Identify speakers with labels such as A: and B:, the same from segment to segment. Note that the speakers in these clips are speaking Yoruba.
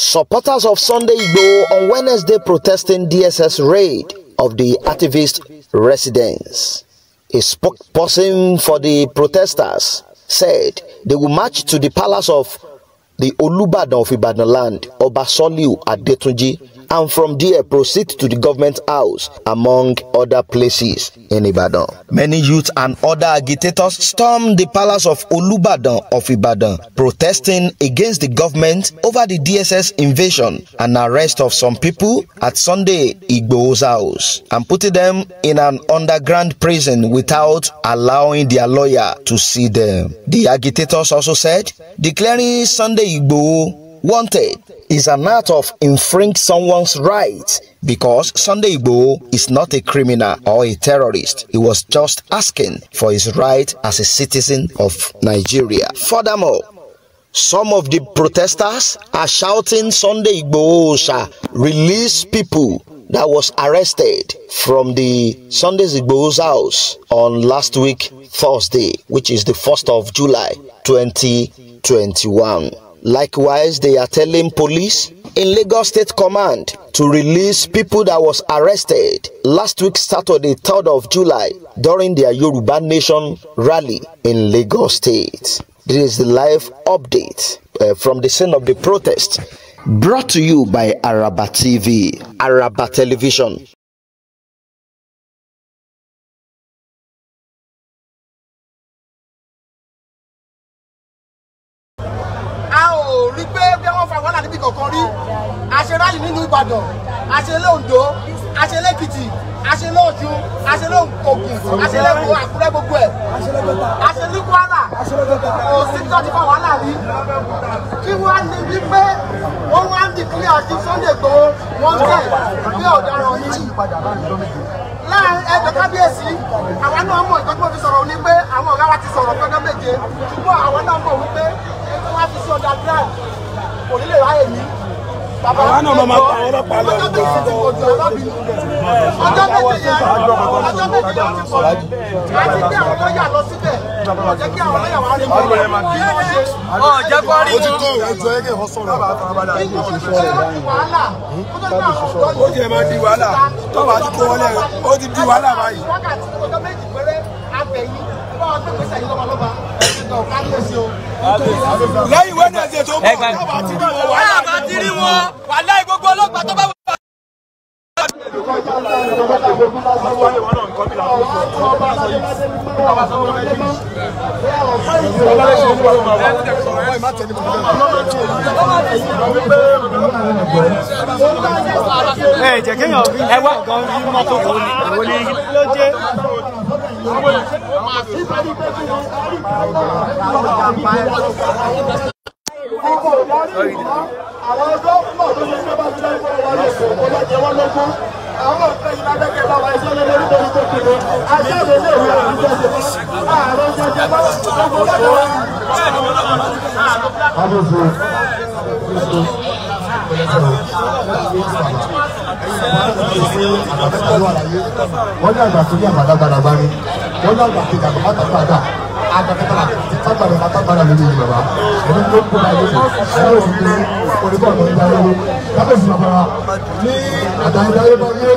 A: Supporters of Sunday Igboho on Wednesday protesting DSS raid of the activist residence. A spokesperson for the protesters said they will march to the palace of the Olubadan of Ibadan land, Oba Soliu Adetunji, and from there proceed to the government house, among other places in Ibadan. Many youths and other agitators stormed the palace of Olubadan of Ibadan, protesting against the government over the DSS invasion and arrest of some people at Sunday Igbo's house, and putting them in an underground prison without allowing their lawyer to see them. The agitators also said, declaring Sunday Igbo. wanted is an act of infringing someone's rights because Sunday Igbo is not a criminal or a terrorist. He was just asking for his right as a citizen of Nigeria. Furthermore, some of the protesters are shouting Sunday Igbo release people that was arrested from the Sunday Igbo's house on last week Thursday, which is the 1st of July 2021. Likewise, they are telling police in Lagos State Command to release people that was arrested last week Saturday 3rd of July during their Yoruba Nation rally in Lagos State. This is the live update uh, from the scene of the protest brought to you by Araba TV, Araba Television.
B: àṣeráàlì nínú Ìbàdàn àṣelé Oǹdó àṣelé Èkìtì àṣelé Ọ̀ṣun àṣelé Ògùn àṣelé Èkó Àkúrẹ́ gbogbo ẹ̀ àṣelé Kwara òsì tó ti fà wàhálà rí kí wọ́n á ní wípé wọ́n wá ń dìklẹ́ àti Sunday Igboho wọ́n tẹ̀ pé ọ̀daràn yìí láàrin ẹgbẹ́ kábíyèsí àwa náà mọ̀ ìtọ́jú òfin sọ̀rọ̀ ní pé àwọn ọ̀gá wa ti sọ̀rọ̀ gbọ́dọ̀ méje ṣùgbọ́n àwa náà máa pa ọlọ́pàá lọ nígbà ọjọ́ méje yẹn ọjọ́ méje yẹn ti pọ̀ jù láti gbé àwọn lọ́ọ̀yà lọ síbẹ̀ ọjọ́ kí àwọn lọ́ọ̀yà wà rí mọ́ ọ jẹ́ kó rí mọ́. ó ti tó ẹjọ́ ẹgbẹ́ ìhọ́ sọ̀rọ̀ nínú òṣìṣẹ́ rẹ̀ báyìí. ó jẹ́ máa di wàhálà tó bá ti kó wọlé ó ti di wàhálà báyìí. wákàtí ọjọ́ méjì péré abẹ́yìn bá wọn gbé gbèsè yìí lọ́ba lọ́ba ẹ̀ ti tọ̀ kábíyèsí o. lẹ́yìn wẹ́nẹ̀ẹ́sì tó ń bọ̀ rí wọn wàhálà gbogbo ọlọ́pàá tó bá wà. ẹ jẹ́ kéèyàn ẹ wá gan yí mọ́tò kò ní ìwọ ní ló jẹ́. Sorry àwọn dókítà tó ṣe pé bá ti dá ìfowó wa lè sùn kó má jẹ wọn lógún àwọn ọ̀fẹ́ yìí lábẹ́kẹ̀ lọ́wọ́ ẹ̀ṣẹ́ lórí orí tó kiri ajáde lè rí àdúgbò ṣe mọ́ ààrẹ jẹjẹ bá gbogbo lọ́wọ́ wa. Adúgbò Kristo wọ́n ní àgbà tó ní àgbàlagbà bá ní wọ́n ní àgbà tó ní àgbàlagbà bá dà agbafẹ́tàlá tágbàdà bá tágbàdà lórí ìlú bàbá ẹni tó kó bá yẹn ẹni òfin ní onígbà ọ̀nà ìyá lówó lábẹ́ òfin bàbá wa ní àdáyébá yé bá yé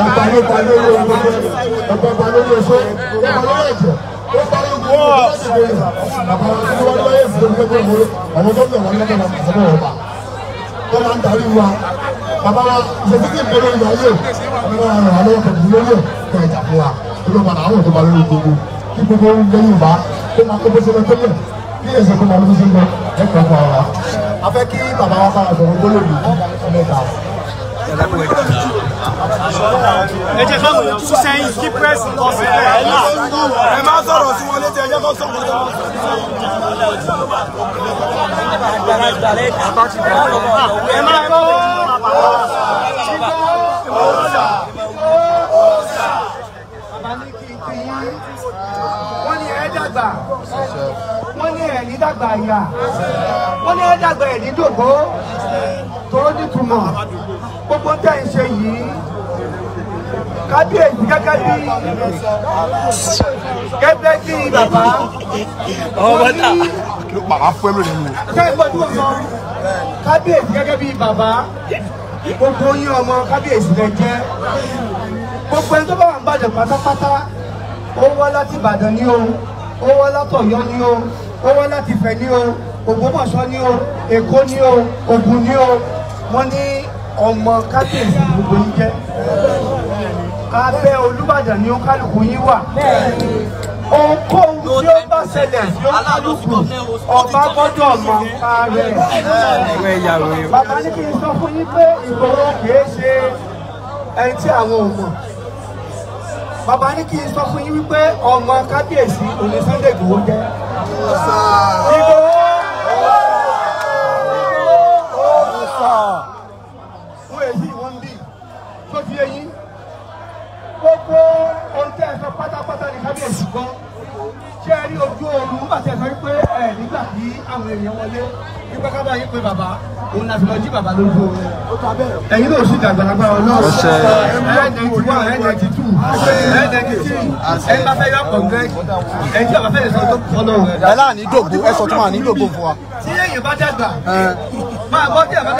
B: ọba yé bá yé yé gbogbo ọba bá yé yé ṣe ọba lọ́wọ́ ẹ̀jẹ̀ ó bá yé gbogbo ọba ti dé bàbá wa tí wọ́n lọ́wọ́ yé fún mi gbogbo ìwé àwọn gómìnà wọn lọ́wọ́ náà sọ́dọ̀ ọba tó máa ń darí wa bàbá wa ìṣèjì kí ìbéèrè ìyá yé ọmọ àwọn àwọn ọkọ̀ ìdílé yé kọ̀ ìjà fún wa olùbàdàn àwọn òṣèlú gbogbo kí gbogbo ń gbé Yorùbá kó máa kó bó ṣe lọ tó lẹ kí ẹsẹ̀ kó máa lọ bó ṣe lọ ẹ kàn fún ara a fẹ́ kí bàbá wa bá sọ̀rọ̀ gbólóògì mẹ́ta. ẹ jẹ́ káwọn èèyàn tún sẹ́yìn kí pírẹ́sì lọ sílẹ̀ ẹ là ẹ má sọ̀rọ̀ sí wọn létí ẹ jẹ́ kó sọ̀rọ̀ lọ́wọ́. ẹ má dàgbà wọ́n ní ẹ̀ní dàgbà àyà wọ́n ní ẹ̀dàgbà ẹ̀ní dògbó tó nítumọ̀ gbogbo tẹ̀ ń ṣe yìí kábíyèsí gẹ́gẹ́ bí gẹ́gẹ́ bí bàbá wọ́n ní bàbá fún ẹ̀mí rẹ̀ nù. kẹ́gbọ́n tó sọ kábíyèsí gẹ́gẹ́ bí bàbá gbogbo yín ọmọ kábíyèsí rẹ̀ jẹ́ gbogbo ẹni tó bá wà ń bàjẹ́ pátápátá ó wá láti Ìbàdàn ní òun ó wá látọ̀yọ́ ni o ó wá láti fẹ̀ ni o ògbómọ̀ṣọ́ ni o èkó ni o ògùn ni o wọ́n ní ọmọ kábíyèsí gbogbo yín jẹ́ abẹ́ olúbàdàn ni ó kálukú yín wà ohunkóhun tí ó bá ṣẹlẹ̀ tí ó kálukú ọba gbọ́dọ̀ mọ ààrẹ bàbá ní kí n sọ fún yín pé ìgboro kìí ṣe ẹni tí àwọn ò mọ̀ bàbá ní kí n sọ fún yín wípé ọmọ kábíyèsí òní Sunday Igboho jẹ́. Igboho fún èyí wọ́n bí tó fi eyín gbogbo ohun tẹ́ ẹ sọ pátápátá ní kábíyèsí kan ṣé ẹ rí ojú oorun nígbà tí ẹ sọ wípé ẹ̀ nígbà tí àwọn èèyàn wọlé nípa kábàá yín pé bàbá òun la fi lọ jí bàbá lójú oorun. ẹ̀yin náà sì dàgbà lágbà ọlọ́ọ̀ṣẹ́ ẹ̀ẹ́dẹ̀ẹ́dì wà ẹ̀ẹ́dẹ̀ẹ́dì tù ẹ̀ẹ́dẹ̀ẹ́dì tì ẹ̀ẹ́dì bá fẹ́ yọ kọ̀ǹgẹ́ ẹ̀ẹ́dì bá fẹ́ yọ sọ tó kọ́ lọ́wọ́. ẹ láà ní dògbò ẹ sọ tó máa ní dògbò fún wa. tí èèyàn bá dàgbà máa gbọ́